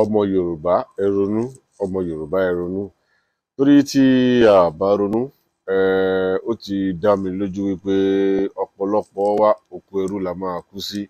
ọmọ yorùbá ẹ ronú ọmọ yorùbá ẹ ronú torí tí a bá ronú ó ti dá mi lójú wípé ọ̀pọ̀lọpọ̀ wa òkú ẹrú la máa kú sí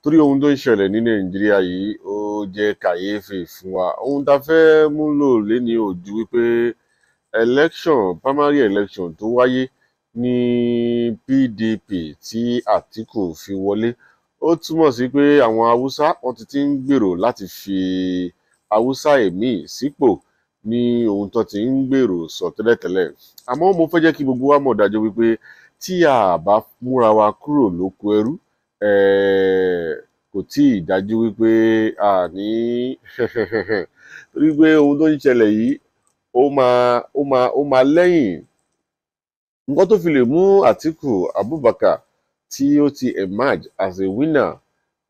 torí ohun tó ń ṣẹlẹ̀ ní nàìjíríà yìí ó jẹ́ kàyéfì fún wa ohun tá a fẹ́ mú lò léni òjú wípé election primary election tó wáyé ní PDP tí Àtíkù fi wọlé ó túmọ̀ sí pé àwọn haúsá wọ́n ti ti ń gbèrò láti fi haúsá èmí sípò ní ohun tó ti ń gbèrò sọ tẹ́lẹ̀tẹ́lẹ̀ àmọ́ mo fẹ́ jẹ́ kí gbogbo wa mọ̀ dájú wípé tí a bá múra wa kúrò lóko ẹrú kò tí ì dájú wípé a ní torí pé ohun tó ń ṣẹlẹ̀ yìí ó máa ó máa ó máa lẹ́yìn nǹkan tó fi lè mú Àtíkù Abubakar tí ó ti emerge as a winner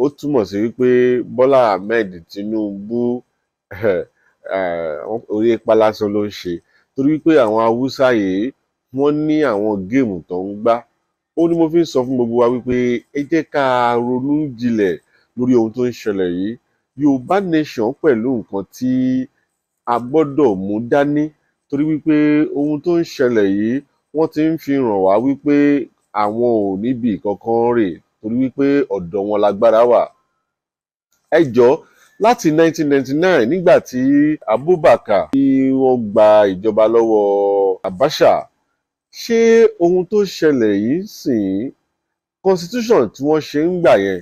ó túmọ sí wípé bọlá ahmed tinubu eh, orí ipa lásán ló ń ṣe torí pé àwọn haúsá yìí wọn ní àwọn géèmù tó ń gbá ó ní mo fi ń sọ fún gbogbo wa wípé ẹ jẹ́ ká ronú jinlẹ̀ lórí ohun tó ń ṣẹlẹ̀ yìí yorùbá nation pẹ̀lú nǹkan tí a gbọ́dọ̀ mú dání torí wípé ohun tó ń ṣẹlẹ̀ yìí wọ́n ti ń fi hàn wá wípé àwọn ò níbi kankan rè torí wípé ọ̀dọ̀ wọn lágbára wà ẹ jọ láti 1999 nígbà tí Abubakar tí wọ́n gba ìjọba lọ́wọ́ Abacha ṣé ohun tó ṣẹlẹ̀ yìí sìn constitution tí wọ́n ṣe ń gbà yẹn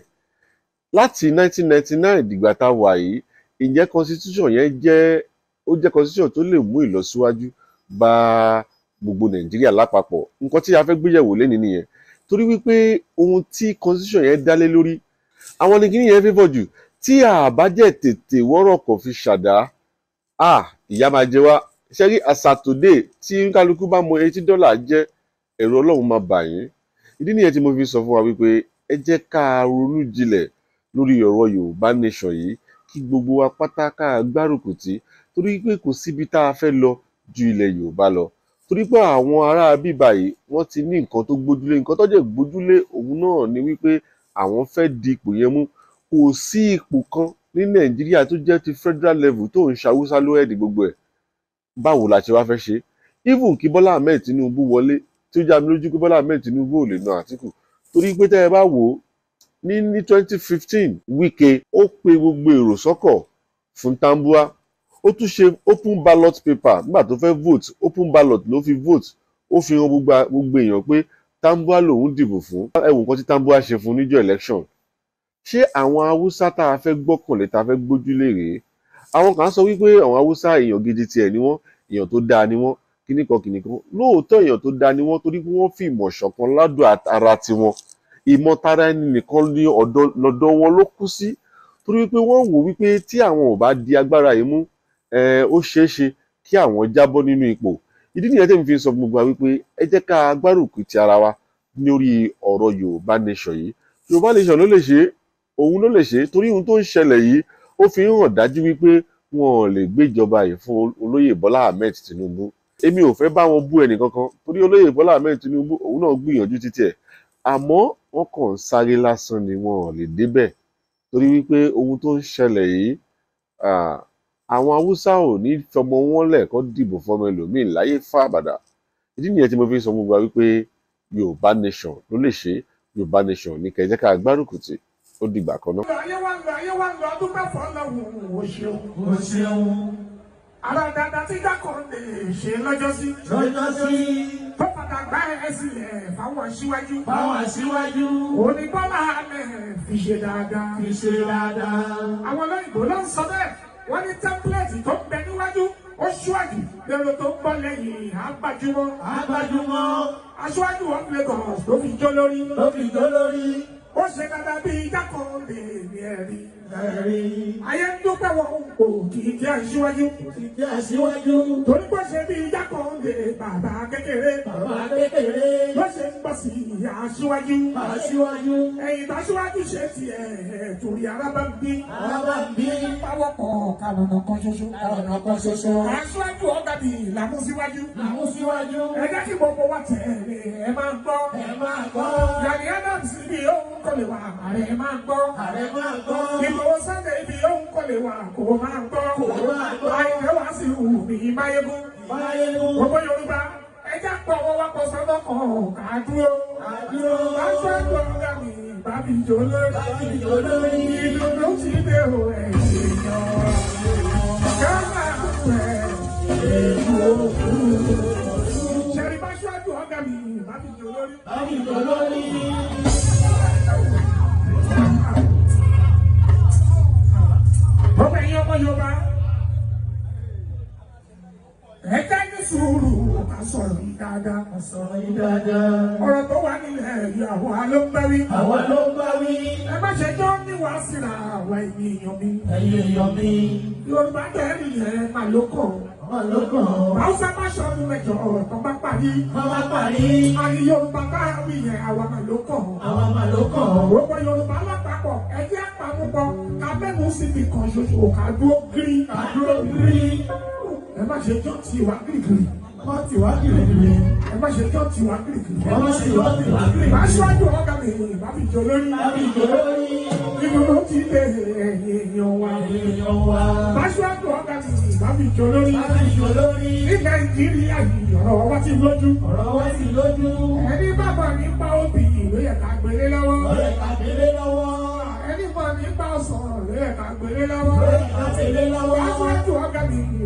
láti 1999 dìgbà tá a wà yìí ìjẹ́ constitution yẹn jẹ́ ó jẹ́ constitution tó lè mú ìlọsíwájú bá gbogbo nàìjíríà lápapọ̀ nǹkan tí a fẹ́ gbéyẹ̀wò lẹ́ni nìyẹn torí wípé ohun tí constitution yẹn dálé lórí àwọn ni kíní yẹn favour jù tí a bá jẹ́ tètè wọ́rọ̀ kò fi ṣàdá à ìyá máa jẹ wá ṣẹ́rí àsàtòdè tí kálukú bá mọ etí dọ́là jẹ́ ẹ̀rù ọlọ́run máa bà yín ìdí nìyẹn tí mo fi sọ fún wa wípé ẹ jẹ́ ká ronú jinlẹ̀ lórí ọ̀rọ̀ yorùbá nation yìí kí gbogbo wa pátá ká gbárùkù tí torí pé kò síbi tá a fẹ́ lọ ju ilẹ̀ yorùbá lọ torí pé àwọn ará bíbá yìí wọ́n ti ní nǹkan tó gbójúlé nǹkan tó jẹ́ gbójúlé òun náà ni wípé àwọn fẹ́ di ipò yẹn mú kò sí ipò kan ní nàìjíríà tó jẹ́ ti federal level tó ń ṣàwùsá ló ẹ̀dì gbogbo ẹ̀ báwo la ṣe wá fẹ́ ṣe even kí bọ́lá ahmed tinubu wọlé tí ó já mi lójú pé bọ́lá ahmed tinubu ò lè na àtìkù torí pé tẹ́ ẹ bá wò ó ní ní twenty fifteen wike ó pe gbogbo èrò sọ́kọ̀ fún tambua ó tún ṣe open ballot paper nígbà tó fẹ́ vote open ballot ló fi vote ó fi hàn gbogbo èèyàn pé Tambuwa lòun dìbò fún ẹ̀wù nǹkan tí Tambuwa ṣe fún níjọ́ election ṣé àwọn haúsá tá a fẹ́ gbọ́kànlé tá a fẹ́ gbójúlé rèé àwọn kan sọ wípé àwọn haúsá èèyàn gidi tiẹ̀ ni wọ́n èèyàn tó dáa ni wọ́n kíní kan kíní kan lóòótọ́ èèyàn tó dáa ni wọ́n torí pé wọ́n fi ìmọ̀ ṣọ̀kan ládùn ara tiwọn ìmọ̀ tara ẹni nìkan ní ọ̀dọ̀ lọ́dọ̀ wọn ló kú sí torí pé wọ́n wò wípé tí àwọn ò bá di agbára yìí mú ó ṣeé ṣe kí àwọn jábọ́ nínú ipò ìdí nìyẹn tẹ́mi fi sọ gbogbo wa wípé ẹ jẹ́ ká gbárùkù ti ara wa lórí ọ̀rọ̀ yorùbá nation yìí yorùbá nation ló lè ṣe òun ló lè ṣe torí ohun tó ń ṣẹlẹ̀ yìí ó fi hàn dájú wípé wọn ò lè gbéjọba yìí fún olóyè bọ́lá ahmed tinubu èmi ò fẹ́ bá wọn bú ẹnìkankan torí olóyè bọ́lá ahmed tinubu òun náà gbìyànjú títí ẹ̀ àmọ́ wọn kàn ń sáré lásán ni wọn ò lè débẹ̀ torí wípé ohun tó ń ṣẹlẹ̀ yìí àwọn haúsá ò ní í fọmọ wọn lẹ́ẹ̀kọ́ dìbò fọmọ ẹlòmíín láyé fábàdà ìdí nìyẹn tí mo fi sọ gbogbo wa wípé yorùbá nation ló lè ṣe yorùbá nation ní kẹjẹ ká ó dìgbà kan náà. ayé wa ń lọ ayé wa ń lọ ọdún mẹ́fọ́ ń lọ wò ṣeun ó ṣeun ara dada tí dákọ̀ lè ṣe lọ́jọ́sí. lọ́jọ́sí. tó padà gbá ẹsìn ẹ̀ fáwọn síwájú. fáwọn síwájú. òní bọ́lá fi ṣe dáadáa. fi ṣe dáadáa. àwọn olóyìnbó ló ń sọ bẹ́ẹ̀ wọ́n ní tẹ́ḿpìlẹ̀tì tó ń bẹ níwájú ó ṣíwájú lérò tó ń bọ́ lẹ́yìn àgbájúmọ́. àgbájúmọ́. aṣíwájú wọn fi lagos tó fi jó lórí. tó fi jó lórí. ó ṣe kata bíi dákọ̀ lè ní ẹ̀rí. ẹ̀rí. ayé ń dúpẹ́ wọn kò kì í jẹ́ aṣíwájú. kò kì í jẹ́ aṣíwájú. torí pé bíi dákọ̀ lè bàbá kékeré. bàbá kékeré. ló ń gbọ́ sí ìyá aṣíwájú. aṣíwájú. ẹ̀yìn tàṣíwájú ṣe ti ẹ̀ torí araba ń bí. araba ń bí. báwọ̀ kọ̀ kàlọ́nà kan ṣoṣo. kàlọ́nà kan ṣoṣo. aṣíwájú ọ̀gá bì làmúsíwájú. làmúsíwájú. ẹ jẹ́ kí gbogbo wa tẹ̀ ẹ máa gbọ́. ẹ máa gbọ́. Gani Adams ibi yóò ń kọ́lé wa ààrẹ máa gbọ́. ààrẹ máa gbọ́. Ìgbòho Sunday ibi yóò ń kọ́lé wa kò máa gbọ́. kò máa gbọ́. àyẹ̀wò àṣìwò mi máyégún. máyégún. gbogbo Yorùbá àdúró aṣáájú ọ̀gá mi bàbí ìjọ lórí ìlú ló ti sọ̀rọ̀ yìí dáadáa. ọ̀rọ̀ tó wà nílẹ̀ ẹ̀rí àwọn ló ń bá wí. àwọn ló ń bá wí. ẹ má ṣe jọ́ ní wàá síra àwa ẹ̀yìn èèyàn mi. ẹ̀yìn èèyàn mi. yorùbá dẹ́rù yẹn máa ló kọ̀. máa ló kọ̀. hausa má ṣọ́ ọdún mẹ́jọ ọ̀rọ̀ tó bá parí. wọ́n bá parí. àní yorùbá bá wí yẹn àwa máa ló kọ̀. àwa máa ló kọ̀. gbogbo yorùbá lápapọ̀ ẹ̀jẹ̀ àpamọ́pọ̀ abẹ́nu síbi kan ṣoṣo kàdúró gírí. kàdúró gírí. ẹ má ṣe jọ́ kọ́ọ̀tì wá kiri kiri ẹ má ṣe kọ́ọ̀tì wá kiri kiri ẹ má ṣe kọ́ọ̀tì wá kiri kiri má ṣíwájú ọ̀rọ̀ kan lè yìnbọn má fi jọ lórí má fi jọ lórí nínú tó ti lè èèyàn wa èèyàn wa má ṣíwájú ọ̀rọ̀ kan lè yìnbọn má fi jọ lórí má fi jọ lórí ní nàìjíríà yìí ọ̀rọ̀ wa ti lójú ọ̀rọ̀ wa ti lójú ẹni bàbá mi pa obì ló yẹ ká gbélé lọ́wọ́ ló yẹ ká gbélé lọ́wọ́ ẹni bàbá mi pa ọ̀sán ló yẹ ká gbélé lọ́wọ́ ló yẹ ká gbélé lọ́wọ́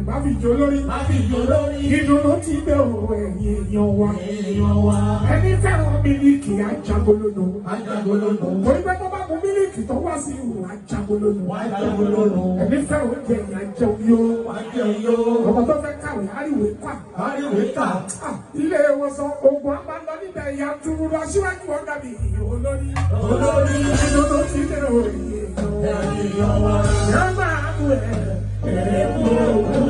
má fi jó lórí. má fi jó lórí. ìdùnnú ti bẹ̀ wò ẹ̀yìn èèyàn wa. èèyàn wa. ẹni fẹ́ràn mílíkì ajagolóno. ajagolóno. torí pé tó bá mu mílíkì tó wá sí ìwò ajagolóno. ajagolóno. ẹni fẹ́ràn oúnjẹ yẹn ajẹ oyó. ajẹ oyó. ọmọ tó fẹ́ kàwé àríwé kà. àríwé kà. ilé ìwòsàn ogun amanda níbẹ̀ ìyá tuuru lọ síwájú wọn dàbí olórí. olórí. ìdùnnú ti bẹ̀ wò ẹ̀yìn èèyàn wa. ẹ̀yìn èèyàn wa.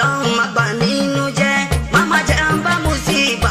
ọlọ́run má bà mí nú jẹ́ má má jẹ́ ń bá mùsíbà